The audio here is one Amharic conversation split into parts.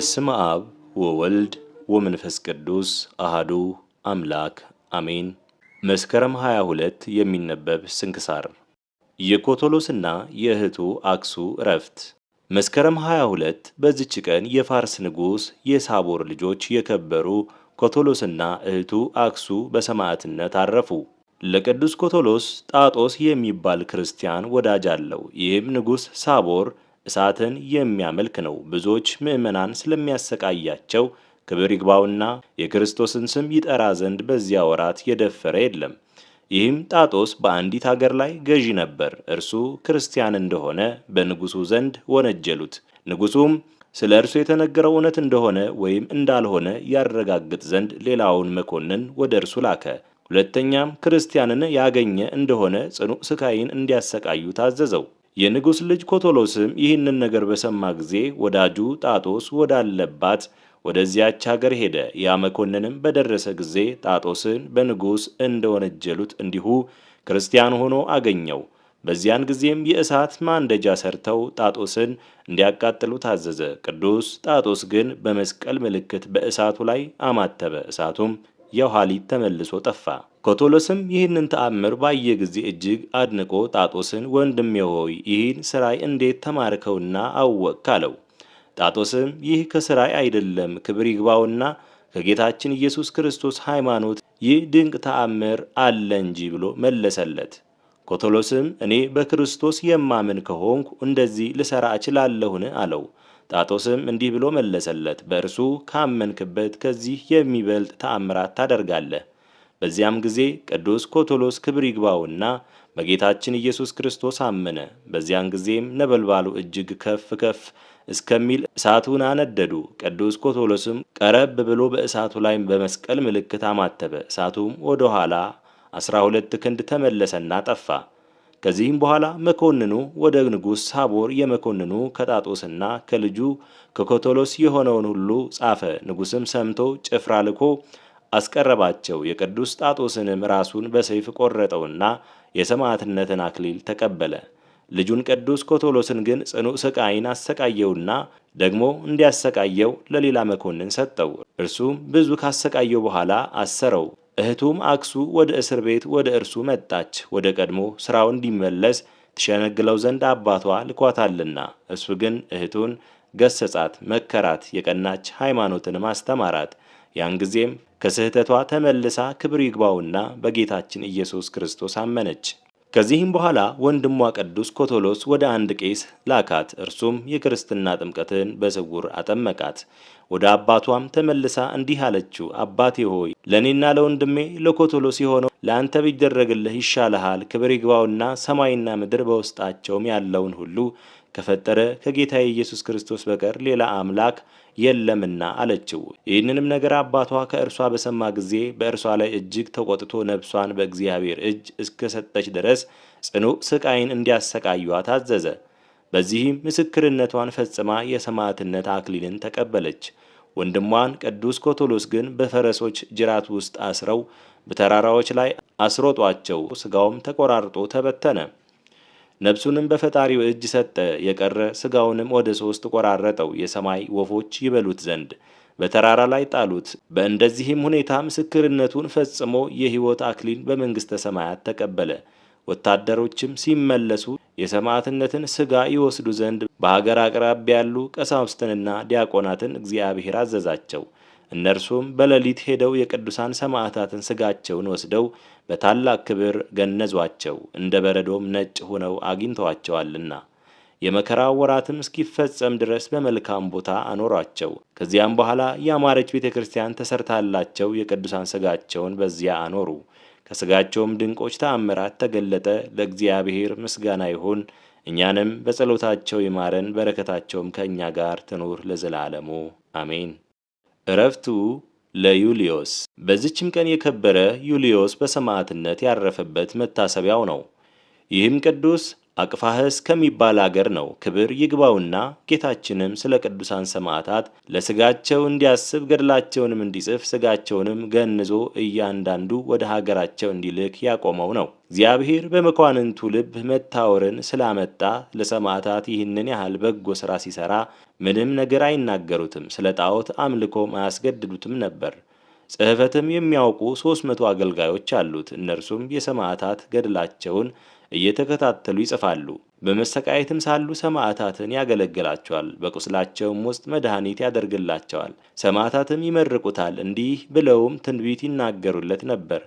በስመ አብ ወወልድ ወመንፈስ ቅዱስ አሃዱ አምላክ አሜን። መስከረም 22 የሚነበብ ስንክሳር የኮቶሎስና የእህቱ አክሱ እረፍት። መስከረም 22 በዚች ቀን የፋርስ ንጉሥ የሳቦር ልጆች የከበሩ ኮቶሎስና እህቱ አክሱ በሰማዕትነት አረፉ። ለቅዱስ ኮቶሎስ ጣጦስ የሚባል ክርስቲያን ወዳጅ አለው። ይህም ንጉሥ ሳቦር እሳትን የሚያመልክ ነው። ብዙዎች ምዕመናን ስለሚያሰቃያቸው ክብር ይግባውና የክርስቶስን ስም ይጠራ ዘንድ በዚያ ወራት የደፈረ የለም። ይህም ጣጦስ በአንዲት አገር ላይ ገዢ ነበር። እርሱ ክርስቲያን እንደሆነ በንጉሡ ዘንድ ወነጀሉት። ንጉሱም ስለ እርሱ የተነገረው እውነት እንደሆነ ወይም እንዳልሆነ ያረጋግጥ ዘንድ ሌላውን መኮንን ወደ እርሱ ላከ። ሁለተኛም ክርስቲያንን ያገኘ እንደሆነ ጽኑዕ ስቃይን እንዲያሰቃዩ ታዘዘው። የንጉሥ ልጅ ኮቶሎስም ይህንን ነገር በሰማ ጊዜ ወዳጁ ጣጦስ ወዳለባት ወደዚያች ሀገር ሄደ። ያ መኮንንም በደረሰ ጊዜ ጣጦስን በንጉሥ እንደወነጀሉት እንዲሁ ክርስቲያን ሆኖ አገኘው። በዚያን ጊዜም የእሳት ማንደጃ ሰርተው ጣጦስን እንዲያቃጥሉ ታዘዘ። ቅዱስ ጣጦስ ግን በመስቀል ምልክት በእሳቱ ላይ አማተበ። እሳቱም የኋሊት ተመልሶ ጠፋ። ኮቶሎስም ይህንን ተአምር ባየ ጊዜ እጅግ አድንቆ ጣጦስን ወንድሜ ሆይ ይህን ስራይ እንዴት ተማርከውና አወቅክ አለው። ጣጦስም ይህ ከስራይ አይደለም፣ ክብር ይግባውና ከጌታችን ኢየሱስ ክርስቶስ ሃይማኖት ይህ ድንቅ ተአምር አለ እንጂ ብሎ መለሰለት። ኮቶሎስም እኔ በክርስቶስ የማምን ከሆንኩ እንደዚህ ልሰራ እችላለሁን አለው። ጣጦስም እንዲህ ብሎ መለሰለት፣ በእርሱ ካመንክበት ከዚህ የሚበልጥ ተአምራት ታደርጋለህ። በዚያም ጊዜ ቅዱስ ኮቶሎስ ክብር ይግባውና በጌታችን ኢየሱስ ክርስቶስ አመነ። በዚያን ጊዜም ነበልባሉ እጅግ ከፍ ከፍ እስከሚል እሳቱን አነደዱ። ቅዱስ ኮቶሎስም ቀረብ ብሎ በእሳቱ ላይ በመስቀል ምልክት አማተበ። እሳቱም ወደ ኋላ አስራ ሁለት ክንድ ተመለሰና ጠፋ። ከዚህም በኋላ መኮንኑ ወደ ንጉሥ ሳቦር የመኮንኑ ከጣጦስና ከልጁ ከኮቶሎስ የሆነውን ሁሉ ጻፈ። ንጉሥም ሰምቶ ጭፍራ ልኮ አስቀረባቸው። የቅዱስ ጣጦስንም ራሱን በሰይፍ ቆረጠውና የሰማዕትነትን አክሊል ተቀበለ። ልጁን ቅዱስ ኮቶሎስን ግን ጽኑዕ ስቃይን አሰቃየውና ደግሞ እንዲያሰቃየው ለሌላ መኮንን ሰጠው። እርሱም ብዙ ካሰቃየው በኋላ አሰረው። እህቱም አክሱ ወደ እስር ቤት ወደ እርሱ መጣች፣ ወደ ቀድሞ ስራው እንዲመለስ ትሸነግለው ዘንድ አባቷ ልኳታልና። እሱ ግን እህቱን ገሰጻት፣ መከራት፣ የቀናች ሃይማኖትንም አስተማራት። ያን ጊዜም ከስህተቷ ተመልሳ ክብር ይግባውና በጌታችን ኢየሱስ ክርስቶስ አመነች። ከዚህም በኋላ ወንድሟ ቅዱስ ኮቶሎስ ወደ አንድ ቄስ ላካት። እርሱም የክርስትና ጥምቀትን በስውር አጠመቃት። ወደ አባቷም ተመልሳ እንዲህ አለችው፣ አባቴ ሆይ ለእኔና ለወንድሜ ለኮቶሎስ የሆነው ለአንተ ቢደረግልህ ይሻልሃል። ክብር ይግባውና ሰማይና ምድር በውስጣቸውም ያለውን ሁሉ ከፈጠረ ከጌታ ኢየሱስ ክርስቶስ በቀር ሌላ አምላክ የለምና አለችው። ይህንንም ነገር አባቷ ከእርሷ በሰማ ጊዜ በእርሷ ላይ እጅግ ተቆጥቶ ነፍሷን በእግዚአብሔር እጅ እስከሰጠች ድረስ ጽኑ ስቃይን እንዲያሰቃዩዋ ታዘዘ። በዚህም ምስክርነቷን ፈጽማ የሰማዕትነት አክሊልን ተቀበለች። ወንድሟን ቅዱስ ኮቶሎስ ግን በፈረሶች ጅራት ውስጥ አስረው በተራራዎች ላይ አስሮጧቸው፣ ሥጋውም ተቆራርጦ ተበተነ። ነፍሱንም በፈጣሪው እጅ ሰጠ። የቀረ ስጋውንም ወደ ሶስት ቆራረጠው የሰማይ ወፎች ይበሉት ዘንድ በተራራ ላይ ጣሉት። በእንደዚህም ሁኔታ ምስክርነቱን ፈጽሞ የሕይወት አክሊል በመንግሥተ ሰማያት ተቀበለ። ወታደሮችም ሲመለሱ የሰማዕትነትን ሥጋ ይወስዱ ዘንድ በሀገር አቅራቢያ ያሉ ቀሳውስትንና ዲያቆናትን እግዚአብሔር አዘዛቸው። እነርሱም በሌሊት ሄደው የቅዱሳን ሰማዕታትን ስጋቸውን ወስደው በታላቅ ክብር ገነዟቸው፣ እንደ በረዶም ነጭ ሆነው አግኝተዋቸዋልና። የመከራው ወራትም እስኪፈጸም ድረስ በመልካም ቦታ አኖሯቸው። ከዚያም በኋላ ያማረች ቤተ ክርስቲያን ተሰርታላቸው የቅዱሳን ስጋቸውን በዚያ አኖሩ። ከስጋቸውም ድንቆች ተአምራት ተገለጠ። ለእግዚአብሔር ምስጋና ይሁን። እኛንም በጸሎታቸው ይማረን፣ በረከታቸውም ከእኛ ጋር ትኑር ለዘላለሙ አሜን። እረፍቱ ለዩልዮስ። በዚችም ቀን የከበረ ዩልዮስ በሰማዕትነት ያረፈበት መታሰቢያው ነው። ይህም ቅዱስ አቅፋህ ከሚባል አገር ነው። ክብር ይግባውና ጌታችንም ስለ ቅዱሳን ሰማዕታት ለስጋቸው እንዲያስብ ገድላቸውንም እንዲጽፍ ስጋቸውንም ገንዞ እያንዳንዱ ወደ ሀገራቸው እንዲልክ ያቆመው ነው። እግዚአብሔር በመኳንንቱ ልብ መታወርን ስላመጣ ለሰማዕታት ይህንን ያህል በጎ ሥራ ሲሠራ ምንም ነገር አይናገሩትም። ስለ ጣዖት አምልኮም አያስገድዱትም ነበር። ጽሕፈትም የሚያውቁ ሦስት መቶ አገልጋዮች አሉት። እነርሱም የሰማዕታት ገድላቸውን እየተከታተሉ ይጽፋሉ። በመሰቃየትም ሳሉ ሰማዕታትን ያገለግላቸዋል። በቁስላቸውም ውስጥ መድኃኒት ያደርግላቸዋል። ሰማዕታትም ይመርቁታል፣ እንዲህ ብለውም ትንቢት ይናገሩለት ነበር።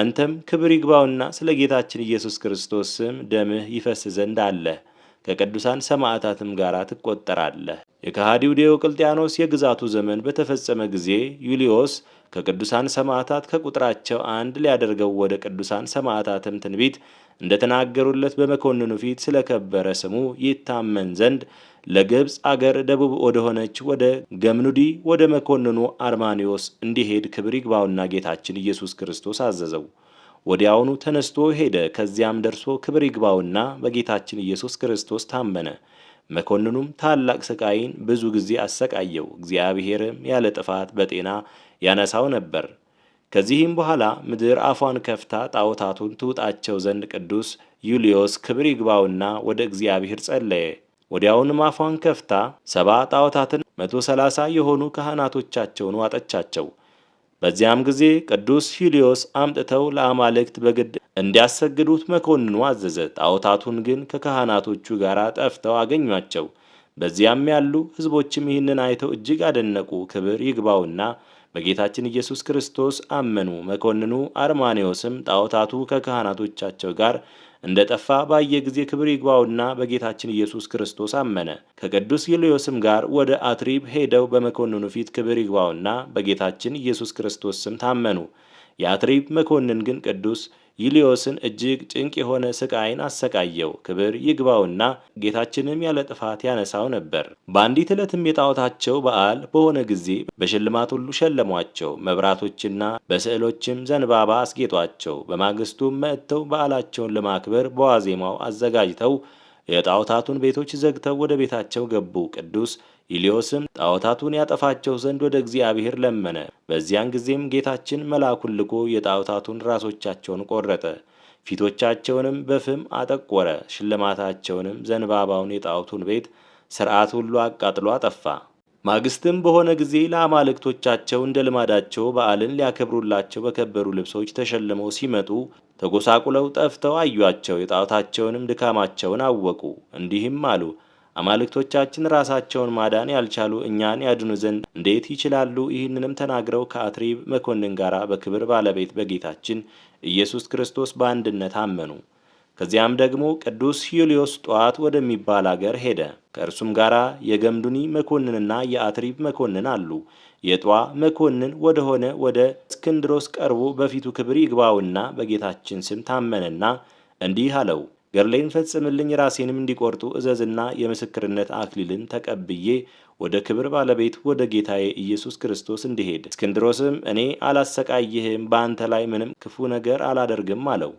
አንተም ክብር ይግባውና ስለ ጌታችን ኢየሱስ ክርስቶስ ስም ደምህ ይፈስ ዘንድ አለህ፣ ከቅዱሳን ሰማዕታትም ጋር ትቆጠራለህ። የከሃዲው ዲዮቅልጥያኖስ የግዛቱ ዘመን በተፈጸመ ጊዜ ዩልዮስ ከቅዱሳን ሰማዕታት ከቁጥራቸው አንድ ሊያደርገው ወደ ቅዱሳን ሰማዕታትም ትንቢት እንደተናገሩለት በመኮንኑ ፊት ስለ ከበረ ስሙ ይታመን ዘንድ ለግብፅ አገር ደቡብ ወደሆነች ወደ ገምኑዲ ወደ መኮንኑ አርማኒዎስ እንዲሄድ ክብር ይግባውና ጌታችን ኢየሱስ ክርስቶስ አዘዘው። ወዲያውኑ ተነስቶ ሄደ። ከዚያም ደርሶ ክብር ይግባውና በጌታችን ኢየሱስ ክርስቶስ ታመነ። መኮንኑም ታላቅ ስቃይን ብዙ ጊዜ አሰቃየው። እግዚአብሔርም ያለ ጥፋት በጤና ያነሳው ነበር። ከዚህም በኋላ ምድር አፏን ከፍታ ጣዖታቱን ትውጣቸው ዘንድ ቅዱስ ዩልዮስ ክብር ይግባውና ወደ እግዚአብሔር ጸለየ። ወዲያውንም አፏን ከፍታ ሰባ ጣዖታትን መቶ ሰላሳ የሆኑ ካህናቶቻቸውን ዋጠቻቸው። በዚያም ጊዜ ቅዱስ ሂሊዮስ አምጥተው ለአማልክት በግድ እንዲያሰግዱት መኮንኑ አዘዘ። ጣዖታቱን ግን ከካህናቶቹ ጋር ጠፍተው አገኟቸው። በዚያም ያሉ ሕዝቦችም ይህንን አይተው እጅግ አደነቁ። ክብር ይግባውና በጌታችን ኢየሱስ ክርስቶስ አመኑ። መኮንኑ አርማኔዎስም ጣዖታቱ ከካህናቶቻቸው ጋር እንደ ጠፋ ባየ ጊዜ ክብር ይግባውና በጌታችን ኢየሱስ ክርስቶስ አመነ። ከቅዱስ ዩልዮስም ጋር ወደ አትሪብ ሄደው በመኮንኑ ፊት ክብር ይግባውና በጌታችን ኢየሱስ ክርስቶስ ስም ታመኑ። የአትሪብ መኮንን ግን ቅዱስ ዩልዮስን እጅግ ጭንቅ የሆነ ስቃይን አሰቃየው። ክብር ይግባውና ጌታችንም ያለ ጥፋት ያነሳው ነበር። በአንዲት ዕለትም የጣዖታቸው በዓል በሆነ ጊዜ በሽልማት ሁሉ ሸለሟቸው። መብራቶችና በስዕሎችም ዘንባባ አስጌጧቸው። በማግስቱም መጥተው በዓላቸውን ለማክበር በዋዜማው አዘጋጅተው የጣዖታቱን ቤቶች ዘግተው ወደ ቤታቸው ገቡ። ቅዱስ ኢልዮስም ጣዖታቱን ያጠፋቸው ዘንድ ወደ እግዚአብሔር ለመነ። በዚያን ጊዜም ጌታችን መልአኩን ልኮ የጣዖታቱን ራሶቻቸውን ቆረጠ፣ ፊቶቻቸውንም በፍም አጠቆረ። ሽልማታቸውንም ዘንባባውን፣ የጣዖቱን ቤት ስርዓት ሁሉ አቃጥሎ አጠፋ። ማግስትም በሆነ ጊዜ ለአማልክቶቻቸው እንደ ልማዳቸው በዓልን ሊያከብሩላቸው በከበሩ ልብሶች ተሸልመው ሲመጡ ተጎሳቁለው ጠፍተው አዩአቸው። የጣዖታቸውንም ድካማቸውን አወቁ። እንዲህም አሉ አማልክቶቻችን ራሳቸውን ማዳን ያልቻሉ እኛን ያድኑ ዘንድ እንዴት ይችላሉ? ይህንንም ተናግረው ከአትሪብ መኮንን ጋር በክብር ባለቤት በጌታችን ኢየሱስ ክርስቶስ በአንድነት አመኑ። ከዚያም ደግሞ ቅዱስ ሂልዮስ ጠዋት ወደሚባል አገር ሄደ። ከእርሱም ጋር የገምዱኒ መኮንንና የአትሪብ መኮንን አሉ። የጧ መኮንን ወደሆነ ወደ እስክንድሮስ ቀርቦ በፊቱ ክብር ይግባውና በጌታችን ስም ታመነና እንዲህ አለው ገድሌን ፈጽምልኝ ራሴንም እንዲቆርጡ እዘዝና የምስክርነት አክሊልን ተቀብዬ ወደ ክብር ባለቤት ወደ ጌታዬ ኢየሱስ ክርስቶስ እንዲሄድ። እስክንድሮስም እኔ አላሰቃይህም፣ በአንተ ላይ ምንም ክፉ ነገር አላደርግም አለው።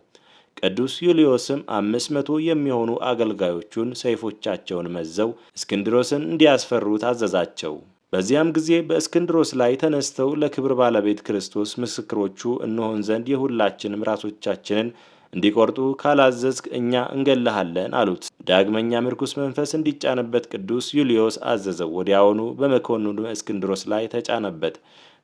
ቅዱስ ዩልዮስም አምስት መቶ የሚሆኑ አገልጋዮቹን ሰይፎቻቸውን መዘው እስክንድሮስን እንዲያስፈሩት አዘዛቸው። በዚያም ጊዜ በእስክንድሮስ ላይ ተነስተው ለክብር ባለቤት ክርስቶስ ምስክሮቹ እንሆን ዘንድ የሁላችንም ራሶቻችንን እንዲቆርጡ ካላዘዝክ እኛ እንገላሃለን አሉት። ዳግመኛም ርኩስ መንፈስ እንዲጫንበት ቅዱስ ዩልዮስ አዘዘው። ወዲያውኑ በመኮንኑ እስክንድሮስ ላይ ተጫነበት።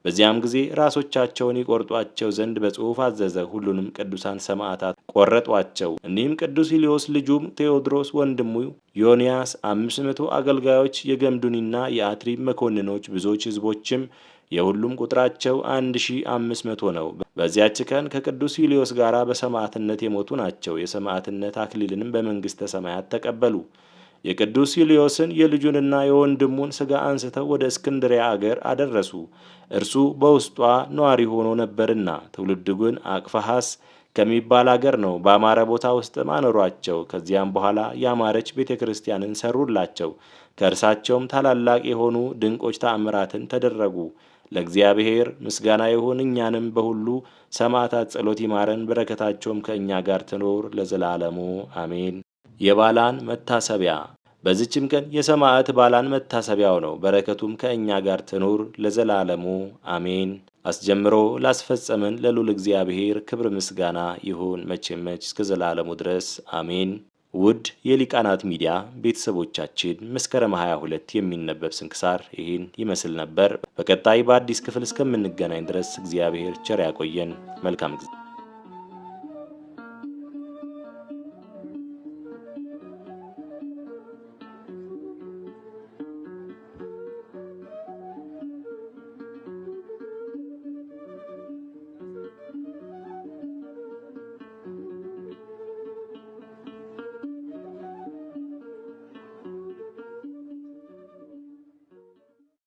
በዚያም ጊዜ ራሶቻቸውን ይቆርጧቸው ዘንድ በጽሑፍ አዘዘ። ሁሉንም ቅዱሳን ሰማዕታት ቆረጧቸው። እኒህም ቅዱስ ሂልዮስ ልጁም ቴዎድሮስ፣ ወንድሙ ዮንያስ፣ አምስት መቶ አገልጋዮች፣ የገምዱኒና የአትሪ መኮንኖች፣ ብዙዎች ህዝቦችም ። የሁሉም ቁጥራቸው 1500 ነው። በዚያች ቀን ከቅዱስ ዩልዮስ ጋር በሰማዕትነት የሞቱ ናቸው። የሰማዕትነት አክሊልንም በመንግሥተ ሰማያት ተቀበሉ። የቅዱስ ዩልዮስን የልጁንና የወንድሙን ሥጋ አንስተው ወደ እስክንድሪያ አገር አደረሱ። እርሱ በውስጧ ነዋሪ ሆኖ ነበርና፣ ትውልድ ግን አቅፋሐስ ከሚባል አገር ነው። በአማረ ቦታ ውስጥ አኖሯቸው። ከዚያም በኋላ ያማረች ቤተ ክርስቲያንን ሰሩላቸው። ከእርሳቸውም ታላላቅ የሆኑ ድንቆች ተአምራትን ተደረጉ። ለእግዚአብሔር ምስጋና ይሁን። እኛንም በሁሉ ሰማዕታት ጸሎት ይማረን፣ በረከታቸውም ከእኛ ጋር ትኖር ለዘላለሙ አሜን። የባላን መታሰቢያ በዚችም ቀን የሰማዕት ባላን መታሰቢያው ነው። በረከቱም ከእኛ ጋር ትኑር ለዘላለሙ አሜን። አስጀምሮ ላስፈጸመን ለልዑል እግዚአብሔር ክብር ምስጋና ይሁን መቼ መች እስከ ዘላለሙ ድረስ አሜን። ውድ የሊቃናት ሚዲያ ቤተሰቦቻችን መስከረም 22 የሚነበብ ስንክሳር ይህን ይመስል ነበር። በቀጣይ በአዲስ ክፍል እስከምንገናኝ ድረስ እግዚአብሔር ቸር ያቆየን። መልካም ጊዜ